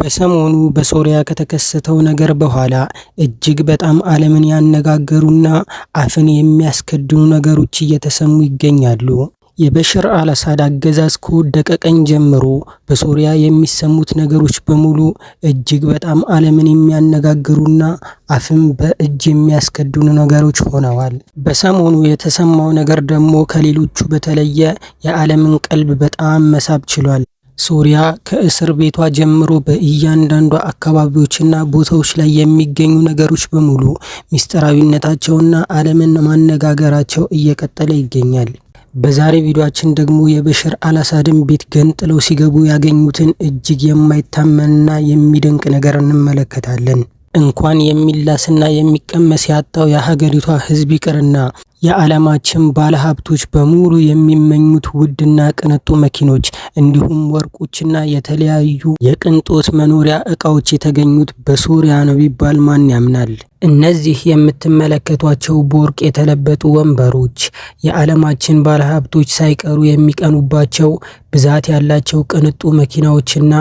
በሰሞኑ በሶሪያ ከተከሰተው ነገር በኋላ እጅግ በጣም ዓለምን ያነጋገሩና አፍን የሚያስከድኑ ነገሮች እየተሰሙ ይገኛሉ። የበሽር አልአሳድ አገዛዝ ከወደቀ ቀን ጀምሮ በሶሪያ የሚሰሙት ነገሮች በሙሉ እጅግ በጣም ዓለምን የሚያነጋግሩና አፍን በእጅ የሚያስከድኑ ነገሮች ሆነዋል። በሰሞኑ የተሰማው ነገር ደግሞ ከሌሎቹ በተለየ የዓለምን ቀልብ በጣም መሳብ ችሏል። ሶሪያ ከእስር ቤቷ ጀምሮ በእያንዳንዷ አካባቢዎችና ቦታዎች ላይ የሚገኙ ነገሮች በሙሉ ምስጢራዊነታቸውና ዓለምን ማነጋገራቸው እየቀጠለ ይገኛል። በዛሬ ቪዲዮአችን ደግሞ የበሽር አላሳድን ቤት ገንጥለው ሲገቡ ያገኙትን እጅግ የማይታመንና የሚደንቅ ነገር እንመለከታለን። እንኳን የሚላስና የሚቀመስ ያጣው የሀገሪቷ ሕዝብ ይቅርና የዓለማችን ባለሀብቶች በሙሉ የሚመኙት ውድና ቅንጡ መኪኖች እንዲሁም ወርቆችና የተለያዩ የቅንጦት መኖሪያ እቃዎች የተገኙት በሶሪያ ነው ቢባል ማን ያምናል? እነዚህ የምትመለከቷቸው በወርቅ የተለበጡ ወንበሮች የዓለማችን ባለሀብቶች ሳይቀሩ የሚቀኑባቸው ብዛት ያላቸው ቅንጡ መኪናዎችና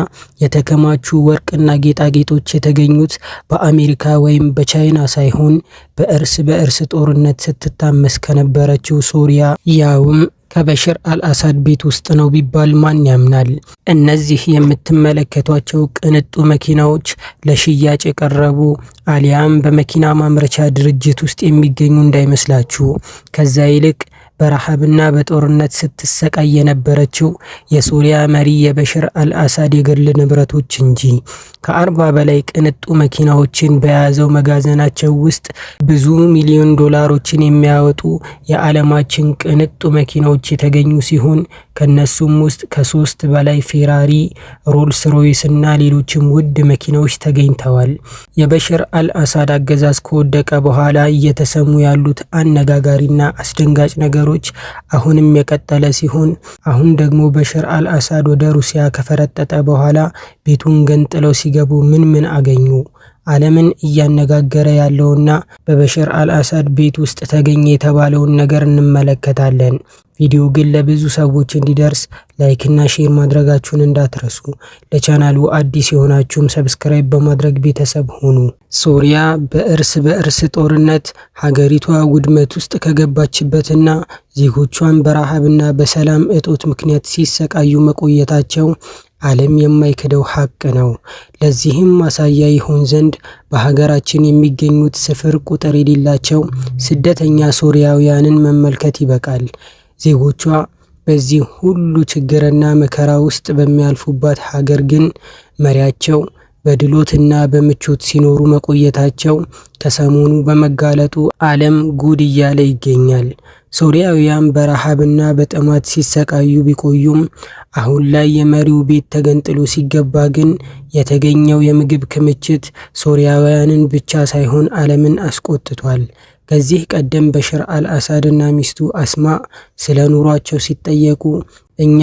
የተከማቹ ወርቅና ጌጣጌጦች የተገኙት በአሜሪካ ወይም በቻይና ሳይሆን በእርስ በእርስ ጦርነት ስትታመስ ከነበረችው ሶሪያ ያውም ከበሽር አልአሳድ ቤት ውስጥ ነው ቢባል ማን ያምናል? እነዚህ የምትመለከቷቸው ቅንጡ መኪናዎች ለሽያጭ የቀረቡ አሊያም በመኪና ማምረቻ ድርጅት ውስጥ የሚገኙ እንዳይመስላችሁ። ከዛ ይልቅ በረሃብና በጦርነት ስትሰቃይ የነበረችው የሱሪያ መሪ የበሽር አልአሳድ የግል ንብረቶች እንጂ። ከአርባ በላይ ቅንጡ መኪናዎችን በያዘው መጋዘናቸው ውስጥ ብዙ ሚሊዮን ዶላሮችን የሚያወጡ የዓለማችን ቅንጡ መኪናዎች የተገኙ ሲሆን ከነሱም ውስጥ ከሶስት በላይ ፌራሪ፣ ሮልስ ሮይስ እና ሌሎችም ውድ መኪናዎች ተገኝተዋል። የበሽር አልአሳድ አገዛዝ ከወደቀ በኋላ እየተሰሙ ያሉት አነጋጋሪና አስደንጋጭ ነገሮች አጋሮች አሁንም የቀጠለ ሲሆን አሁን ደግሞ በሽር አልአሳድ ወደ ሩሲያ ከፈረጠጠ በኋላ ቤቱን ገንጥለው ሲገቡ ምን ምን አገኙ? ዓለምን እያነጋገረ ያለውና በበሽር አልአሳድ ቤት ውስጥ ተገኘ የተባለውን ነገር እንመለከታለን። ቪዲዮ ግን ለብዙ ሰዎች እንዲደርስ ላይክና ሼር ማድረጋችሁን እንዳትረሱ። ለቻናሉ አዲስ የሆናችሁም ሰብስክራይብ በማድረግ ቤተሰብ ሆኑ ሶሪያ በእርስ በእርስ ጦርነት ሀገሪቷ ውድመት ውስጥ ከገባችበትና ዜጎቿን በረሃብና በሰላም እጦት ምክንያት ሲሰቃዩ መቆየታቸው ዓለም የማይክደው ሐቅ ነው። ለዚህም ማሳያ ይሆን ዘንድ በሀገራችን የሚገኙት ስፍር ቁጥር የሌላቸው ስደተኛ ሶሪያውያንን መመልከት ይበቃል። ዜጎቿ በዚህ ሁሉ ችግርና መከራ ውስጥ በሚያልፉባት ሀገር ግን መሪያቸው በድሎትና በምቾት ሲኖሩ መቆየታቸው ከሰሞኑ በመጋለጡ ዓለም ጉድ እያለ ይገኛል። ሶሪያውያን በረሃብና በጥማት ሲሰቃዩ ቢቆዩም አሁን ላይ የመሪው ቤት ተገንጥሎ ሲገባ ግን የተገኘው የምግብ ክምችት ሶሪያውያንን ብቻ ሳይሆን ዓለምን አስቆጥቷል። ከዚህ ቀደም በሽር አልአሳድ እና ሚስቱ አስማ ስለ ኑሯቸው ሲጠየቁ እኛ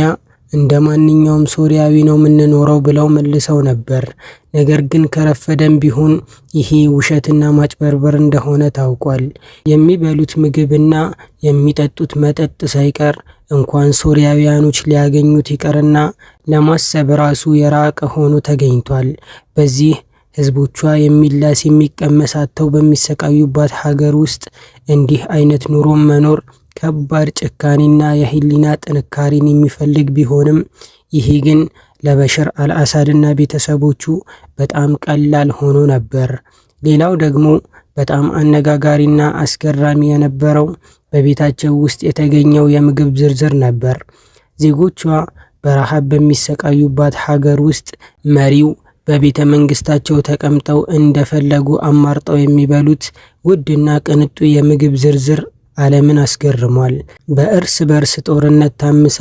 እንደ ማንኛውም ሶሪያዊ ነው የምንኖረው ብለው መልሰው ነበር። ነገር ግን ከረፈደም ቢሆን ይሄ ውሸትና ማጭበርበር እንደሆነ ታውቋል። የሚበሉት ምግብና የሚጠጡት መጠጥ ሳይቀር እንኳን ሶሪያውያኖች ሊያገኙት ይቀርና ለማሰብ ራሱ የራቀ ሆኖ ተገኝቷል። በዚህ ህዝቦቿ የሚላስ የሚቀመስ አጥተው በሚሰቃዩባት ሀገር ውስጥ እንዲህ አይነት ኑሮም መኖር ከባድ ጭካኔና የህሊና ጥንካሬን የሚፈልግ ቢሆንም ይሄ ግን ለበሽር አልአሳድና ቤተሰቦቹ በጣም ቀላል ሆኖ ነበር። ሌላው ደግሞ በጣም አነጋጋሪና አስገራሚ የነበረው በቤታቸው ውስጥ የተገኘው የምግብ ዝርዝር ነበር። ዜጎቿ በረሃብ በሚሰቃዩባት ሀገር ውስጥ መሪው በቤተ መንግስታቸው ተቀምጠው እንደፈለጉ አማርጠው የሚበሉት ውድና ቅንጡ የምግብ ዝርዝር ዓለምን አስገርሟል። በእርስ በእርስ ጦርነት ታምሳ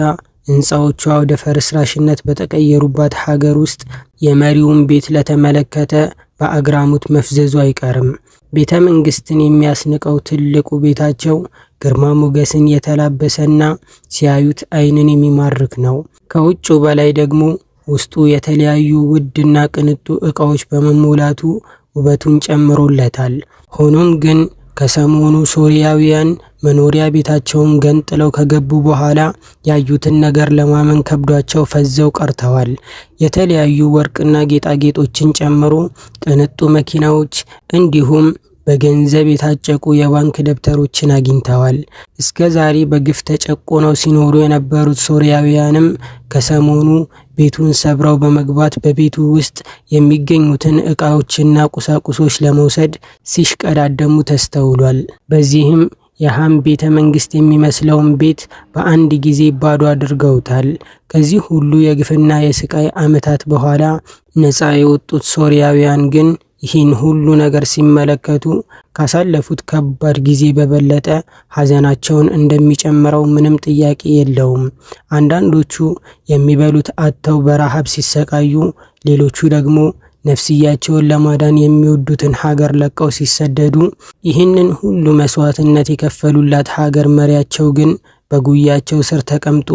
ሕንፃዎቿ ወደ ፈርስራሽነት በተቀየሩባት ሀገር ውስጥ የመሪውን ቤት ለተመለከተ በአግራሞት መፍዘዙ አይቀርም። ቤተ መንግስትን የሚያስንቀው ትልቁ ቤታቸው ግርማ ሞገስን የተላበሰና ሲያዩት ዓይንን የሚማርክ ነው። ከውጭ በላይ ደግሞ ውስጡ የተለያዩ ውድና ቅንጡ ዕቃዎች በመሞላቱ ውበቱን ጨምሮለታል። ሆኖም ግን ከሰሞኑ ሶርያውያን መኖሪያ ቤታቸውን ገንጥለው ከገቡ በኋላ ያዩትን ነገር ለማመን ከብዷቸው ፈዘው ቀርተዋል። የተለያዩ ወርቅና ጌጣጌጦችን ጨምሮ ቅንጡ መኪናዎች እንዲሁም በገንዘብ የታጨቁ የባንክ ደብተሮችን አግኝተዋል። እስከ ዛሬ በግፍ ተጨቁነው ሲኖሩ የነበሩት ሶርያውያንም ከሰሞኑ ቤቱን ሰብረው በመግባት በቤቱ ውስጥ የሚገኙትን እቃዎችና ቁሳቁሶች ለመውሰድ ሲሽቀዳደሙ ተስተውሏል። በዚህም የሃም ቤተ መንግስት የሚመስለውን ቤት በአንድ ጊዜ ባዶ አድርገውታል። ከዚህ ሁሉ የግፍና የስቃይ ዓመታት በኋላ ነፃ የወጡት ሶርያውያን ግን ይህን ሁሉ ነገር ሲመለከቱ ካሳለፉት ከባድ ጊዜ በበለጠ ሐዘናቸውን እንደሚጨምረው ምንም ጥያቄ የለውም። አንዳንዶቹ የሚበሉት አጥተው በረሃብ ሲሰቃዩ፣ ሌሎቹ ደግሞ ነፍስያቸውን ለማዳን የሚወዱትን ሀገር ለቀው ሲሰደዱ፣ ይህንን ሁሉ መስዋዕትነት የከፈሉላት ሀገር መሪያቸው ግን በጉያቸው ስር ተቀምጦ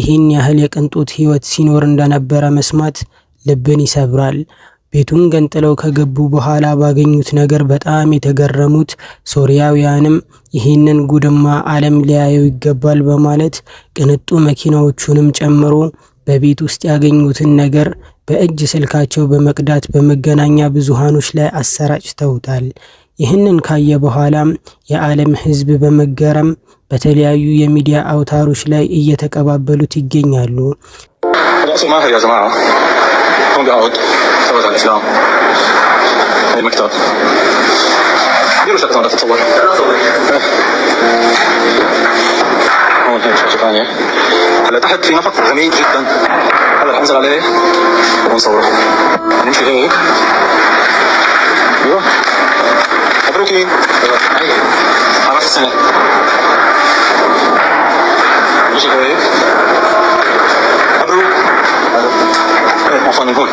ይህን ያህል የቅንጦት ሕይወት ሲኖር እንደነበረ መስማት ልብን ይሰብራል። ቤቱን ገንጥለው ከገቡ በኋላ ባገኙት ነገር በጣም የተገረሙት ሶርያውያንም ይህንን ጉድማ ዓለም ሊያየው ይገባል በማለት ቅንጡ መኪናዎቹንም ጨምሮ በቤት ውስጥ ያገኙትን ነገር በእጅ ስልካቸው በመቅዳት በመገናኛ ብዙሃኖች ላይ አሰራጭተውታል። ይህንን ካየ በኋላም የዓለም ሕዝብ በመገረም በተለያዩ የሚዲያ አውታሮች ላይ እየተቀባበሉት ይገኛሉ። ثبت على الإسلام هاي المكتب يلو شكرا لا تتصور هون هيك شاشة ثانية هلا تحت في نفق غميق جدا هلا رح انزل عليه ونصوره نمشي هيك ايوه مبروكين على راس السنة نمشي هيك مبروك ايه من هون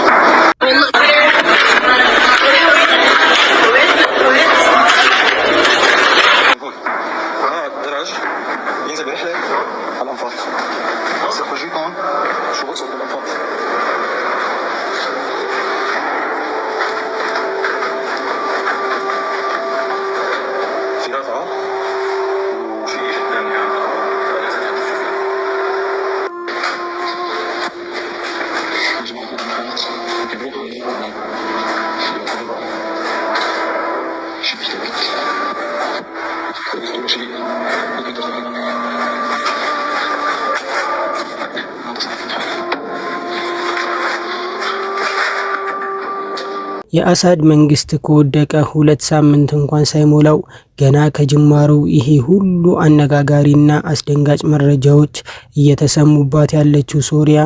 የአሳድ መንግስት ከወደቀ ሁለት ሳምንት እንኳን ሳይሞላው ገና ከጅማሩ ይሄ ሁሉ አነጋጋሪና አስደንጋጭ መረጃዎች እየተሰሙባት ያለችው ሶሪያ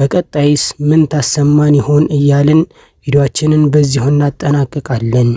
በቀጣይስ ምን ታሰማን ይሆን እያልን ቪዲዮችንን በዚሁ እናጠናቅቃለን።